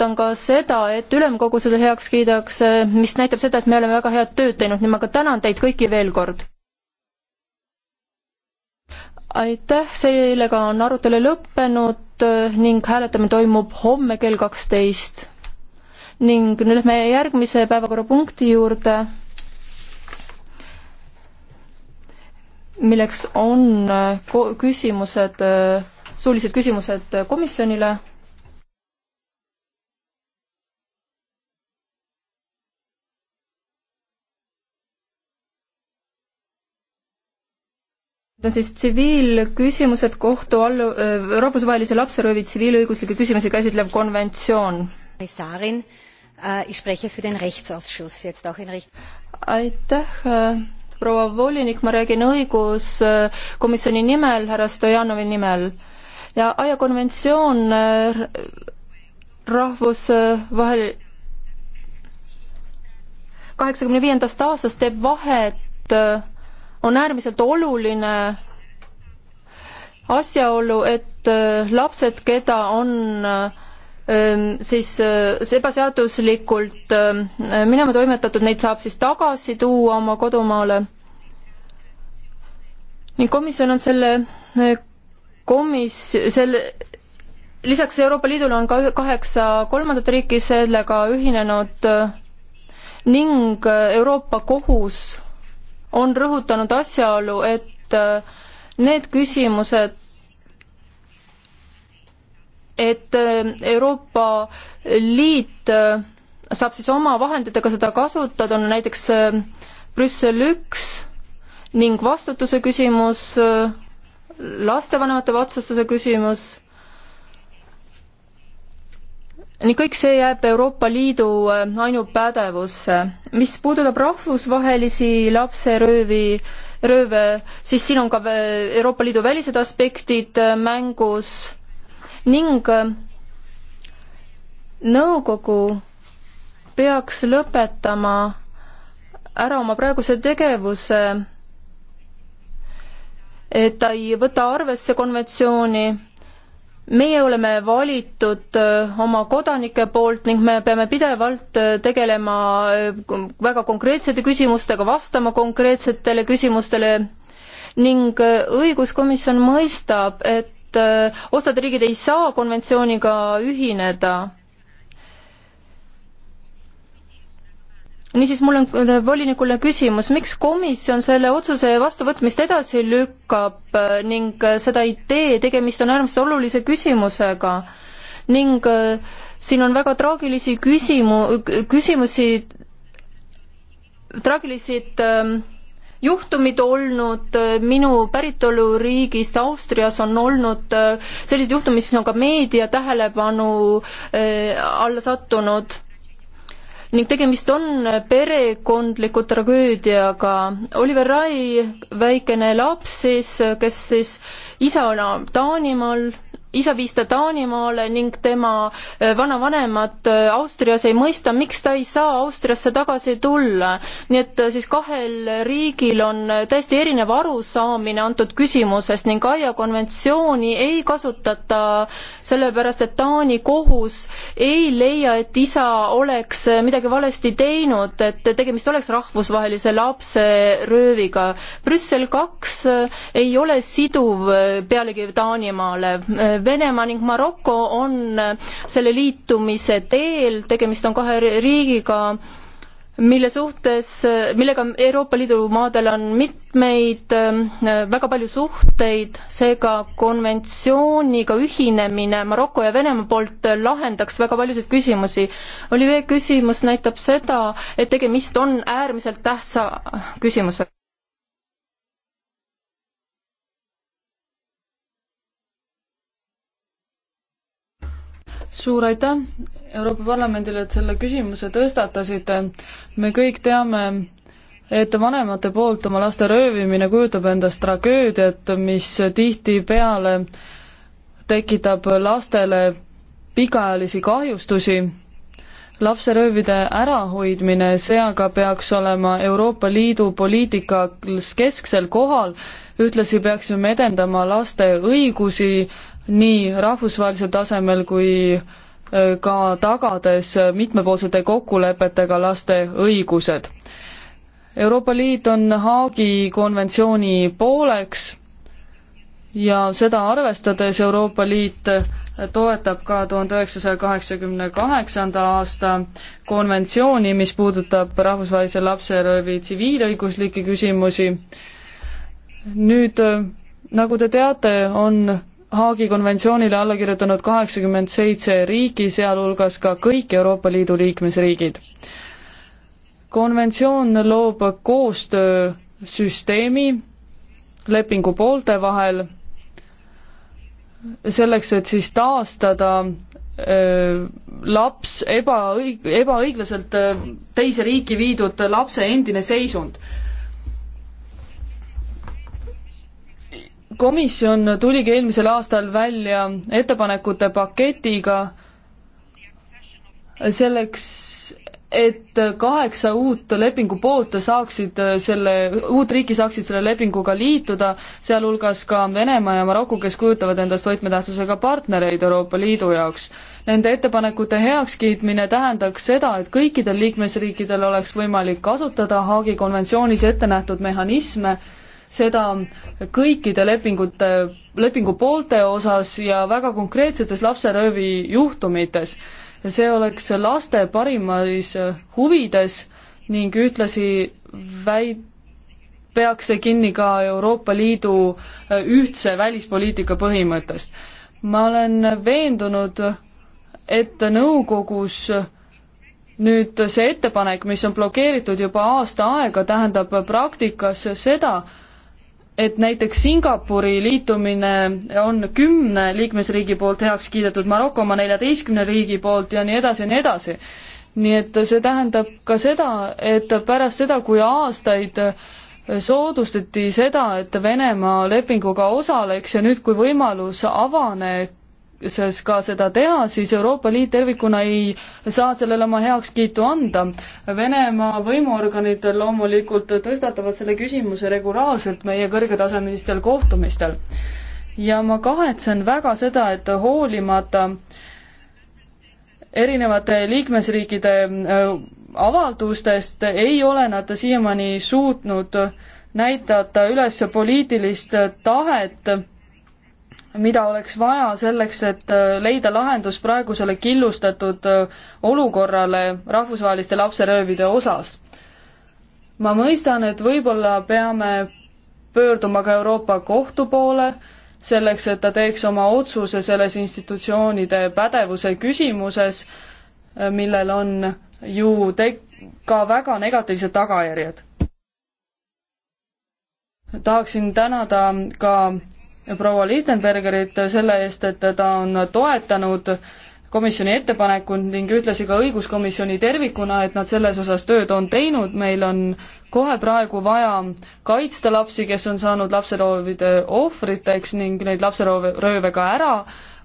ootan ka seda, et ülemkogu selle heaks kiidaks, mis näitab seda, et me oleme väga head tööd teinud, nii ma ka tänan teid kõiki veel kord. aitäh, sellega on arutelu lõppenud ning hääletamine toimub homme kell kaksteist. ning nüüd lähme järgmise päevakorrapunkti juurde, milleks on küsimused, suulised küsimused komisjonile on siis tsiviilküsimused kohtu allu-, rahvusvahelise lapseröövi tsiviilõiguslikke küsimusi käsitlev konventsioon. Äh, aitäh, äh, proua volinik, ma räägin õiguskomisjoni nimel, härra Stojanovi nimel. ja Aja konventsioon äh, rahvusvahel- kaheksakümne viiendast aastast teeb vahet on äärmiselt oluline asjaolu, et äh, lapsed, keda on ähm, siis äh, ebaseaduslikult ähm, minema toimetatud, neid saab siis tagasi tuua oma kodumaale. ning komisjon on selle äh, komis-, selle, lisaks Euroopa Liidule on ka kaheksa kolmandat riiki sellega ühinenud ning Euroopa Kohus on rõhutanud asjaolu, et äh, need küsimused, et äh, Euroopa Liit äh, saab siis oma vahenditega seda kasutada, on näiteks Brüssel üks ning vastutuse küsimus, lastevanemate vastutuse küsimus nii kõik see jääb Euroopa Liidu äh, ainupädevusse. mis puudutab rahvusvahelisi lapseröövi, rööve, siis siin on ka äh, Euroopa Liidu välised aspektid äh, mängus ning nõukogu peaks lõpetama ära oma praeguse tegevuse, et ta ei võta arvesse konventsiooni meie oleme valitud äh, oma kodanike poolt ning me peame pidevalt äh, tegelema äh, väga konkreetsete küsimustega, vastama konkreetsetele küsimustele ning õiguskomisjon mõistab, et osad riigid ei saa konventsiooniga ühineda niisiis, mul on volinikule küsimus, miks komisjon selle otsuse vastuvõtmist edasi lükkab äh, ning äh, seda ei tee, tegemist on äärmiselt olulise küsimusega ning äh, siin on väga traagilisi küsimu-, küsimusi, traagilised ähm, juhtumid olnud minu päritoluriigist Austrias on olnud sellised juhtumid, mis on ka meedia tähelepanu alla sattunud ning tegemist on perekondliku tragöödiaga. Oliver Rai, väikene laps siis, kes siis isa on Taanimaal isa viis ta Taanimaale ning tema äh, vanavanemad äh, Austrias ei mõista, miks ta ei saa Austriasse tagasi tulla. nii et äh, siis kahel riigil on täiesti erinev arusaamine antud küsimusest ning Aia konventsiooni ei kasutata sellepärast, et Taani kohus ei leia, et isa oleks midagi valesti teinud, et tegemist oleks rahvusvahelise lapserööviga. Brüssel kaks ei ole siduv pealegi Taanimaale Venemaa ning Maroko on selle liitumise teel, tegemist on kahe riigiga, mille suhtes, millega Euroopa Liidu maadel on mitmeid, väga palju suhteid, seega konventsiooniga ühinemine Maroko ja Venemaa poolt lahendaks väga paljusid küsimusi. Olivier küsimus näitab seda, et tegemist on äärmiselt tähtsa küsimusega. suur aitäh Euroopa Parlamendile, et selle küsimuse tõstatasite. me kõik teame, et vanemate poolt oma laste röövimine kujutab endast tragöödiat, mis tihtipeale tekitab lastele pikaajalisi kahjustusi. lapseröövide ärahoidmine, see aga peaks olema Euroopa Liidu poliitikas kesksel kohal, ühtlasi peaksime edendama laste õigusi nii rahvusvahelisel tasemel kui äh, ka tagades mitmepoolsete kokkulepetega laste õigused. Euroopa Liit on Haagi konventsiooni pooleks ja seda arvestades Euroopa Liit toetab ka tuhande üheksasaja kaheksakümne kaheksanda aasta konventsiooni, mis puudutab rahvusvahelise lapserööbi tsiviilõiguslikke küsimusi. nüüd, nagu te teate, on Haagi konventsioonile alla kirjutanud kaheksakümmend seitse riiki, sealhulgas ka kõik Euroopa Liidu liikmesriigid. konventsioon loob koostöösüsteemi lepingu poolte vahel, selleks, et siis taastada laps ebaõig-, ebaõiglaselt teise riiki viidud lapse endine seisund komisjon tuligi eelmisel aastal välja ettepanekute paketiga selleks, et kaheksa uut lepingu poolt saaksid selle, uut riiki saaksid selle lepinguga liituda, sealhulgas ka Venemaa ja Maroko, kes kujutavad endast võtmetähtsusega partnereid Euroopa Liidu jaoks. Nende ettepanekute heakskiitmine tähendaks seda, et kõikidel liikmesriikidel oleks võimalik kasutada Haagi konventsioonis ette nähtud mehhanisme, seda kõikide lepingute, lepingu poolte osas ja väga konkreetsetes lapseröövi juhtumites. see oleks laste parimais huvides ning ühtlasi väid-, peaks see kinni ka Euroopa Liidu ühtse välispoliitika põhimõttest. ma olen veendunud, et nõukogus nüüd see ettepanek, mis on blokeeritud juba aasta aega, tähendab praktikas seda, et näiteks Singapuri liitumine on kümne liikmesriigi poolt heaks kiidetud, Maroko oma neljateistkümne riigi poolt ja nii edasi ja nii edasi. nii et see tähendab ka seda, et pärast seda, kui aastaid soodustati seda, et Venemaa lepinguga osaleks ja nüüd, kui võimalus avaneb, siis ka seda teha, siis Euroopa Liit tervikuna ei saa sellele oma heakskiitu anda. Venemaa võimuorganid loomulikult tõstatavad selle küsimuse regulaarselt meie kõrgetasemelistel kohtumistel. ja ma kahetsen väga seda, et hoolimata erinevate liikmesriikide äh, avaldustest ei ole nad siiamaani suutnud näidata üles poliitilist tahet mida oleks vaja selleks, et äh, leida lahendus praegusele killustatud äh, olukorrale rahvusvaheliste lapseröövide osas. ma mõistan, et võib-olla peame pöörduma ka Euroopa Kohtu poole, selleks et ta teeks oma otsuse selles institutsioonide pädevuse küsimuses, äh, millel on ju tek-, ka väga negatiivsed tagajärjed. tahaksin tänada ka proua Lichtenbergerit selle eest, et ta on toetanud komisjoni ettepanekut ning ühtlasi ka õiguskomisjoni tervikuna, et nad selles osas tööd on teinud, meil on kohe praegu vaja kaitsta lapsi, kes on saanud lapseroovide ohvriteks ning neid lapseroove, rööve ka ära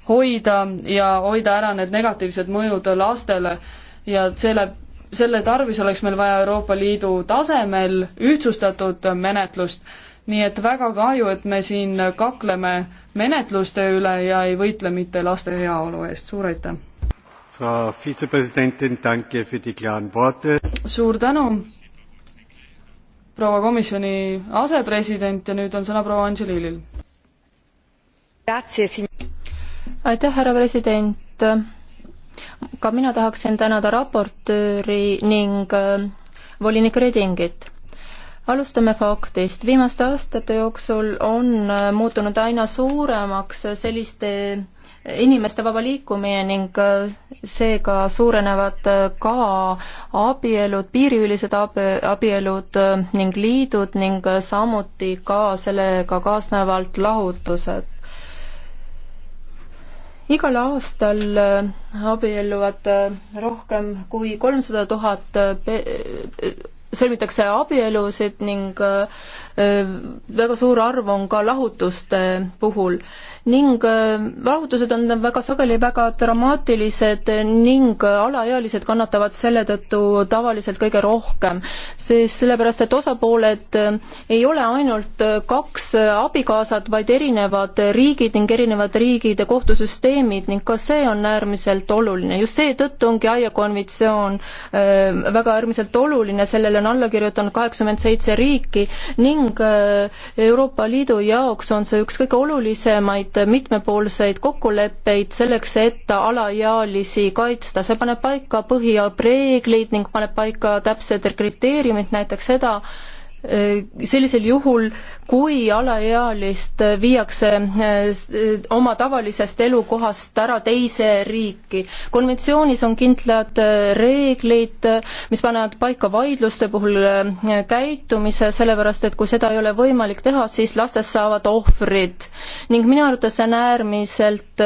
hoida ja hoida ära need negatiivsed mõjud lastele ja selle, selle tarvis oleks meil vaja Euroopa Liidu tasemel ühtsustatud menetlust nii et väga kahju, et me siin kakleme menetluste üle ja ei võitle mitte laste heaolu eest, suur aitäh! suur tänu, proua komisjoni asepresident ja nüüd on sõna proua Anželilil. aitäh, härra president! ka mina tahaksin tänada raportööri ning äh, volinik Redingit alustame faktist. viimaste aastate jooksul on äh, muutunud aina suuremaks selliste äh, inimeste vaba liikumine ning äh, seega suurenevad ka abielud, piiriülised ab-, abielud ning liidud ning samuti ka sellega kaasnevalt lahutused. igal aastal abielluvad rohkem kui kolmsada tuhat sõlmitakse abielusid ning äh, Äh, väga suur arv on ka lahutuste puhul ning äh, lahutused on väga sageli väga dramaatilised ning äh, alaealised kannatavad selle tõttu tavaliselt kõige rohkem, sest sellepärast, et osapooled ei ole ainult kaks abikaasat, vaid erinevad riigid ning erinevad riigid ja kohtusüsteemid ning ka see on äärmiselt oluline. just seetõttu ongi Aia konventsioon väga äärmiselt oluline, sellele on alla kirjutanud kaheksakümmend seitse riiki ning areng äh, Euroopa Liidu jaoks on see üks kõige olulisemaid mitmepoolseid kokkuleppeid selleks, et alaealisi kaitsta. see paneb paika põhireeglid ning paneb paika täpsed kriteeriumid, näiteks seda, Äh, sellisel juhul, kui alaealist viiakse äh, oma tavalisest elukohast ära teise riiki. konventsioonis on kindlad äh, reeglid, mis panevad paika vaidluste puhul käitumise, sellepärast et kui seda ei ole võimalik teha, siis lastest saavad ohvrid. ning minu arvates see on äärmiselt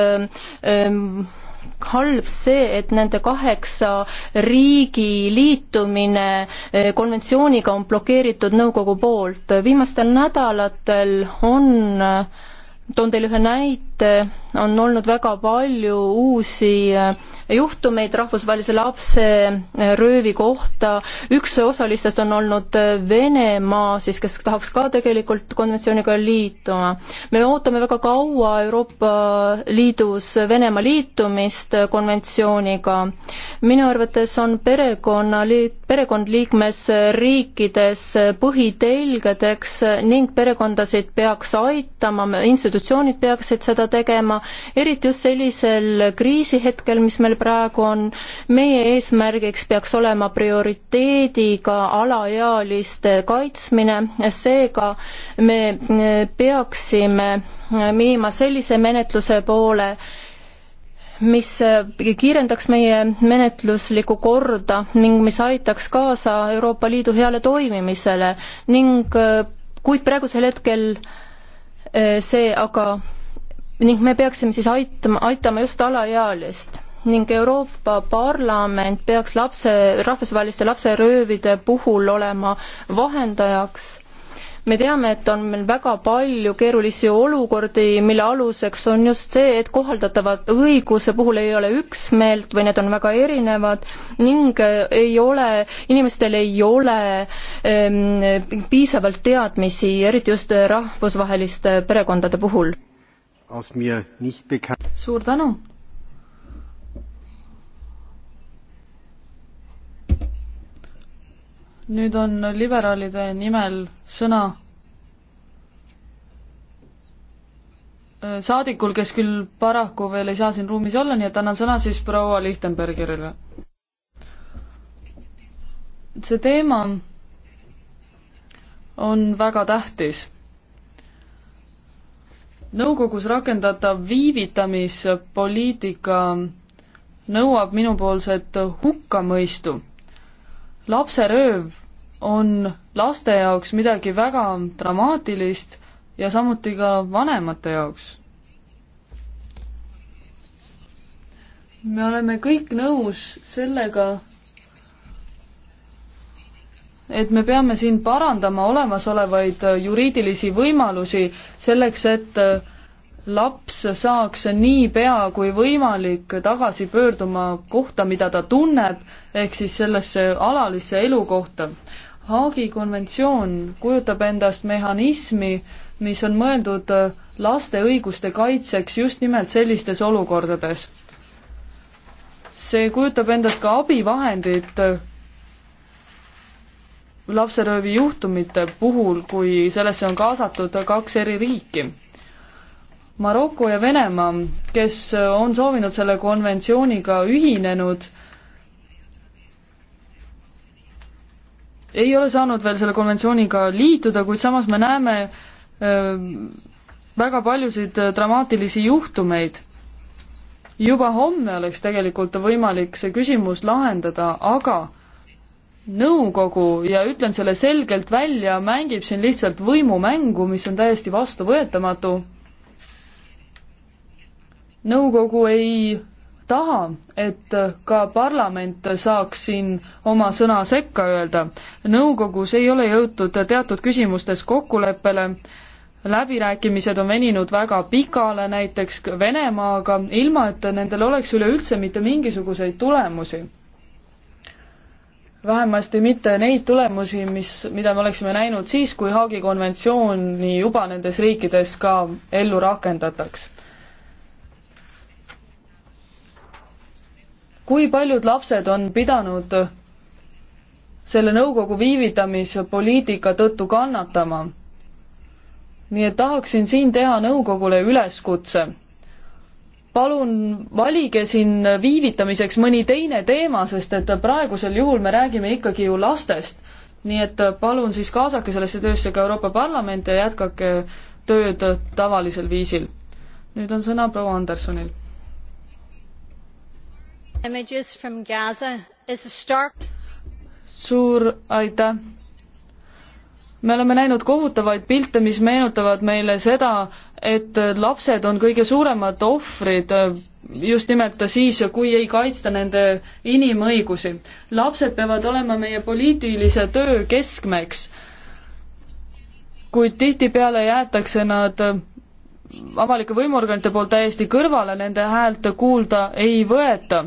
ähm, halb see, et nende kaheksa riigi liitumine eh, konventsiooniga on blokeeritud nõukogu poolt. viimastel nädalatel on, eh, toon teile ühe näite, on olnud väga palju uusi äh, juhtumeid rahvusvahelise lapse äh, röövi kohta, üks osalistest on olnud äh, Venemaa siis, kes tahaks ka tegelikult konventsiooniga liituma. me ootame väga kaua Euroopa Liidus Venemaa liitumist konventsiooniga. minu arvates on perekonna, perekond liikmesriikides põhitelgedeks ning perekondasid peaks aitama, institutsioonid peaksid seda tegema, tegema, eriti just sellisel kriisihetkel, mis meil praegu on. meie eesmärgiks peaks olema prioriteediga alaealiste kaitsmine, seega me peaksime minema sellise menetluse poole, mis kiirendaks meie menetluslikku korda ning mis aitaks kaasa Euroopa Liidu heale toimimisele ning kuid praegusel hetkel eh, see aga ning me peaksime siis aitama, aitama just alaealist ning Euroopa Parlament peaks lapse, rahvusvaheliste lapseröövide puhul olema vahendajaks. me teame, et on meil väga palju keerulisi olukordi, mille aluseks on just see, et kohaldatavad õiguse puhul ei ole üksmeelt või need on väga erinevad ning äh, ei ole, inimestel ei ole ähm, piisavalt teadmisi, eriti just rahvusvaheliste perekondade puhul suur tänu! nüüd on liberaalide nimel sõna äh, saadikul, kes küll paraku veel ei saa siin ruumis olla, nii et annan sõna siis proua Lichtenbergerile. see teema on väga tähtis nõukogus rakendatav viivitamispoliitika nõuab minupoolset hukkamõistu. lapserööv on laste jaoks midagi väga dramaatilist ja samuti ka vanemate jaoks. me oleme kõik nõus sellega, et me peame siin parandama olemasolevaid äh, juriidilisi võimalusi selleks, et äh, laps saaks niipea kui võimalik tagasi pöörduma kohta, mida ta tunneb, ehk siis sellesse alalisse elukohta. Haagi konventsioon kujutab endast mehhanismi, mis on mõeldud äh, laste õiguste kaitseks just nimelt sellistes olukordades. see kujutab endast ka abivahendit lapseröövi juhtumite puhul, kui sellesse on kaasatud kaks eri riiki. Maroko ja Venemaa, kes on soovinud selle konventsiooniga ühinenud, ei ole saanud veel selle konventsiooniga liituda, kuid samas me näeme ähm, väga paljusid äh, dramaatilisi juhtumeid. juba homme oleks tegelikult võimalik see küsimus lahendada, aga nõukogu ja ütlen selle selgelt välja, mängib siin lihtsalt võimumängu, mis on täiesti vastuvõetamatu. nõukogu ei taha, et ka parlament saaks siin oma sõna sekka öelda. nõukogus ei ole jõutud teatud küsimustes kokkuleppele, läbirääkimised on veninud väga pikale, näiteks Venemaaga, ilma et nendel oleks üleüldse mitte mingisuguseid tulemusi vähemasti mitte neid tulemusi, mis, mida me oleksime näinud siis, kui Haagi konventsiooni juba nendes riikides ka ellu rakendataks. kui paljud lapsed on pidanud selle nõukogu viivitamispoliitika tõttu kannatama? nii et tahaksin siin teha nõukogule üleskutse palun valige siin viivitamiseks mõni teine teema, sest et praegusel juhul me räägime ikkagi ju lastest. nii et palun siis kaasake sellesse töösse ka Euroopa Parlament ja jätkake tööd tavalisel viisil. nüüd on sõna proua Andersonil. suur aitäh me oleme näinud kohutavaid pilte, mis meenutavad meile seda, et lapsed on kõige suuremad ohvrid äh, just nimelt siis, kui ei kaitsta nende inimõigusi. lapsed peavad olema meie poliitilise töö keskmeks, kuid tihtipeale jäetakse nad äh, avalike võimuorganite poolt täiesti kõrvale, nende häält kuulda ei võeta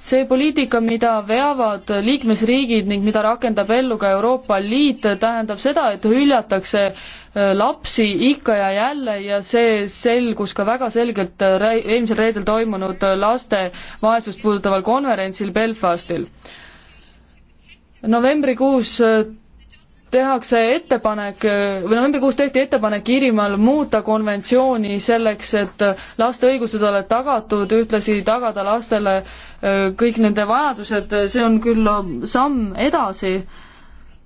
see poliitika, mida veavad liikmesriigid ning mida rakendab ellu ka Euroopa Liit, tähendab seda, et hüljatakse äh, lapsi ikka ja jälle ja see selgus ka väga selgelt äh, eelmisel reedel toimunud äh, laste vaesust puudutaval konverentsil Belfastil. novembrikuus tehakse ettepanek või novembrikuus tehti ettepanek Iirimaal muuta konventsiooni selleks, et laste õigused oled tagatud, ühtlasi tagada lastele äh, kõik nende vajadused, see on küll samm edasi,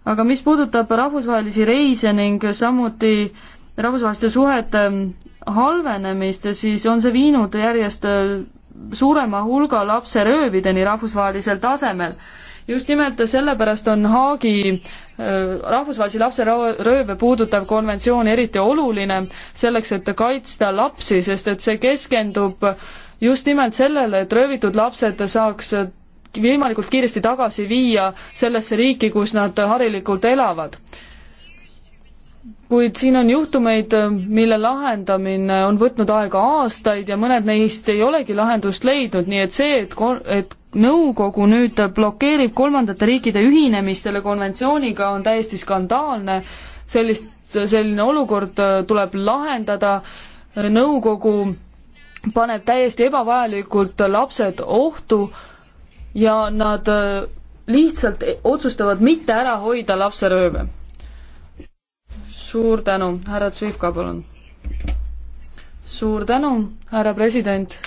aga mis puudutab rahvusvahelisi reise ning samuti rahvusvaheliste suhete halvenemist, siis on see viinud järjest suurema hulga lapseröövideni rahvusvahelisel tasemel. just nimelt sellepärast on Haagi äh, rahvusvahelisi lapserööve puudutav konventsioon eriti oluline selleks, et kaitsta lapsi, sest et see keskendub äh, just nimelt sellele, et röövitud lapsed saaks võimalikult kiiresti tagasi viia sellesse riiki, kus nad harilikult elavad. kuid siin on juhtumeid, mille lahendamine on võtnud aega aastaid ja mõned neist ei olegi lahendust leidnud, nii et see, et, et nõukogu nüüd blokeerib kolmandate riikide ühinemist selle konventsiooniga, on täiesti skandaalne, sellist, selline olukord tuleb lahendada, nõukogu paneb täiesti ebavajalikult lapsed ohtu ja nad äh, lihtsalt otsustavad mitte ära hoida lapserööve. suur tänu, härra Zvivka, palun. suur tänu, härra president.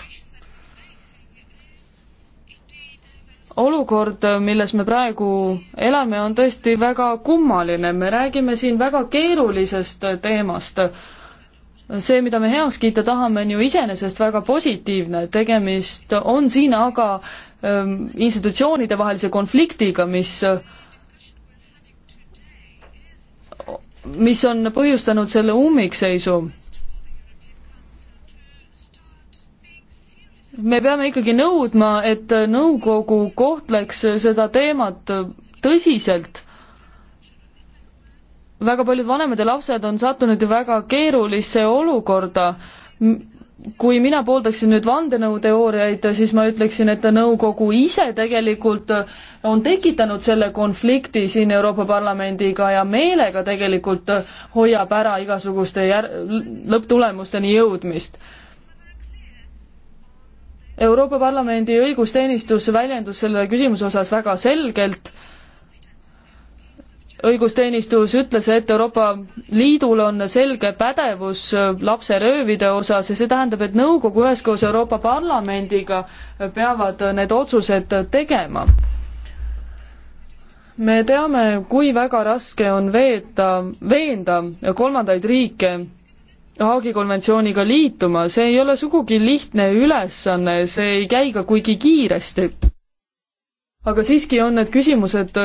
olukord, milles me praegu elame, on tõesti väga kummaline, me räägime siin väga keerulisest teemast see, mida me heaks kiita tahame, on ju iseenesest väga positiivne, tegemist on siin aga ähm, institutsioonide vahelise konfliktiga, mis mis on põhjustanud selle ummikseisu. me peame ikkagi nõudma, et nõukogu kohtleks seda teemat tõsiselt väga paljud vanemad ja lapsed on sattunud ju väga keerulisse olukorda. kui mina pooldaksin nüüd vandenõuteooriaid, siis ma ütleksin, et nõukogu ise tegelikult on tekitanud selle konflikti siin Euroopa Parlamendiga ja meelega tegelikult hoiab ära igasuguste jär-, lõpptulemusteni jõudmist Euroopa Parlamendi õigusteenistus väljendus selle küsimuse osas väga selgelt õigusteenistus ütles, et Euroopa Liidul on selge pädevus äh, lapseröövide osas ja see tähendab, et nõukogu üheskoos Euroopa Parlamendiga peavad need otsused tegema. me teame, kui väga raske on veeta, veenda kolmandaid riike Haagi konventsiooniga liituma, see ei ole sugugi lihtne ülesanne, see ei käi ka kuigi kiiresti. aga siiski on need küsimused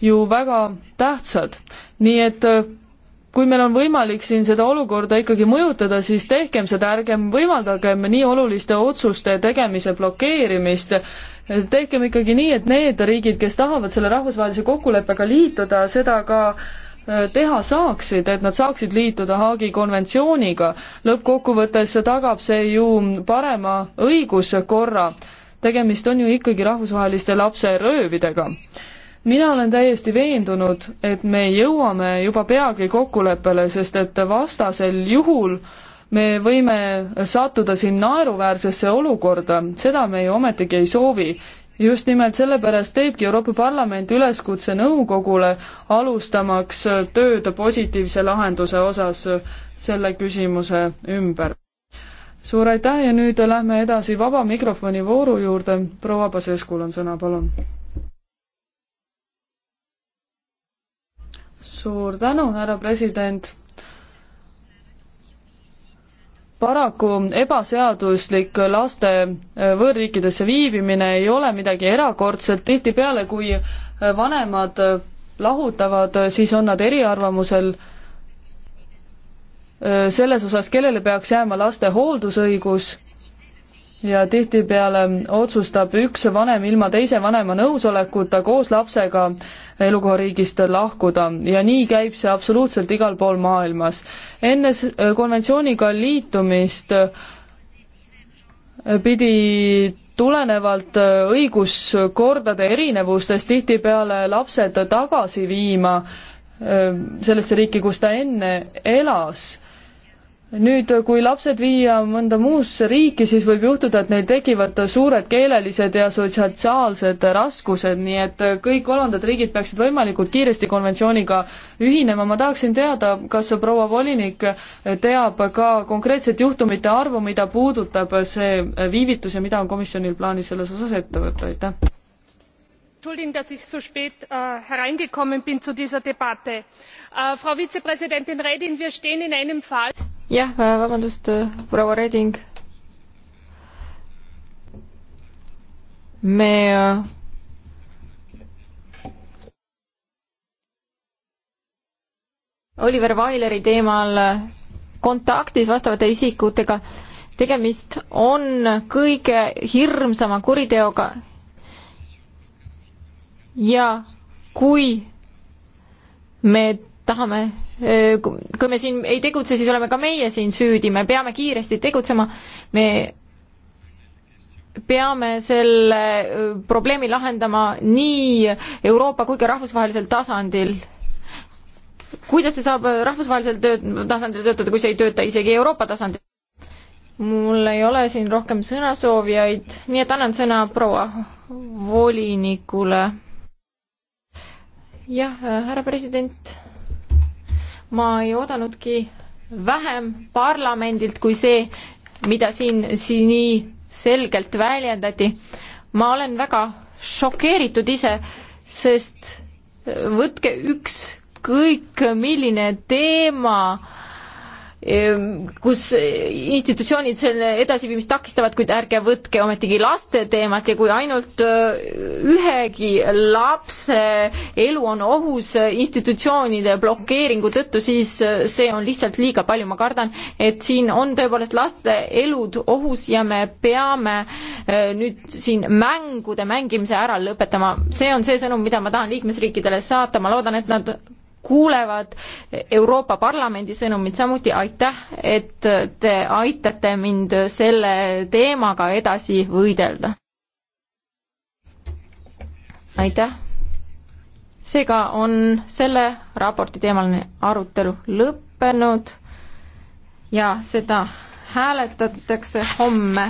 ju väga tähtsad. nii et äh, kui meil on võimalik siin seda olukorda ikkagi mõjutada, siis tehkem seda, ärgem võimaldagem nii oluliste otsuste tegemise blokeerimist. tehkem ikkagi nii, et need riigid, kes tahavad selle rahvusvahelise kokkuleppega liituda, seda ka äh, teha saaksid, et nad saaksid liituda Haagi konventsiooniga. lõppkokkuvõttes tagab see ju parema õiguskorra. tegemist on ju ikkagi rahvusvaheliste lapseröövidega mina olen täiesti veendunud, et me jõuame juba peagi kokkuleppele, sest et vastasel juhul me võime sattuda siin naeruväärsesse olukorda, seda me ju ometigi ei soovi. just nimelt sellepärast teebki Euroopa Parlament üleskutse nõukogule, alustamaks tööd positiivse lahenduse osas selle küsimuse ümber. suur aitäh ja nüüd lähme edasi vaba mikrofoni vooru juurde, proua Paseskul on sõna, palun suur tänu, härra president. paraku ebaseaduslik laste äh, võõrriikidesse viibimine ei ole midagi erakordset, tihtipeale kui äh, vanemad äh, lahutavad, siis on nad eriarvamusel selles osas, kellele peaks jääma laste hooldusõigus ja tihtipeale otsustab üks vanem ilma teise vanema nõusolekuta koos lapsega äh, elukohariigist lahkuda ja nii käib see absoluutselt igal pool maailmas. enne äh, konventsiooniga liitumist äh, pidi tulenevalt äh, õiguskordade erinevustest tihtipeale lapsed tagasi viima sellesse riiki, kus ta enne elas nüüd, kui lapsed viia mõnda muusse riiki, siis võib juhtuda, et neil tekivad suured keelelised ja sotsiaalsed raskused, nii et kõik kolmandad riigid peaksid võimalikult kiiresti konventsiooniga ühinema. ma tahaksin teada, kas proua volinik teab ka konkreetset juhtumite arvu, mida puudutab see viivitus ja mida on komisjonil plaanis selles osas ette võtta, aitäh? entschuldigen dass ich so spät äh, hereingekommen bin zu dieser debatte. Äh, frau vizepräsidentin reding wir stehen in einem fall jah, äh, vabandust, äh, proua Reding. me äh, Oliver Vaileri teemal kontaktis vastavate isikutega. tegemist on kõige hirmsama kuriteoga. ja kui me tahame, eh, kui me siin ei tegutse, siis oleme ka meie siin süüdi, me peame kiiresti tegutsema, me peame selle eh, probleemi lahendama nii Euroopa kui ka rahvusvahelisel tasandil. kuidas see saab rahvusvahelisel töö-, tasandil töötada, kui see ei tööta isegi Euroopa tasandil? mul ei ole siin rohkem sõnasoovijaid, nii et annan sõna proua volinikule. jah, härra president ma ei oodanudki vähem parlamendilt kui see, mida siin, siin nii selgelt väljendati. ma olen väga šokeeritud ise, sest võtke ükskõik milline teema, Ehm, kus institutsioonid selle edasiviimist takistavad, kuid ärge võtke ometigi laste teemat ja kui ainult äh, ühegi lapse elu on ohus institutsioonide blokeeringu tõttu, siis äh, see on lihtsalt liiga palju, ma kardan, et siin on tõepoolest laste elud ohus ja me peame äh, nüüd siin mängude mängimise ära lõpetama. see on see sõnum, mida ma tahan liikmesriikidele saata, ma loodan, et nad kuulevad Euroopa Parlamendi sõnumit, samuti aitäh, et te aitate mind selle teemaga edasi võidelda. aitäh. seega on selle raporti teemaline arutelu lõppenud ja seda hääletatakse homme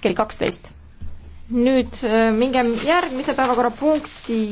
kell kaksteist. nüüd äh, mingem järgmise päevakorrapunkti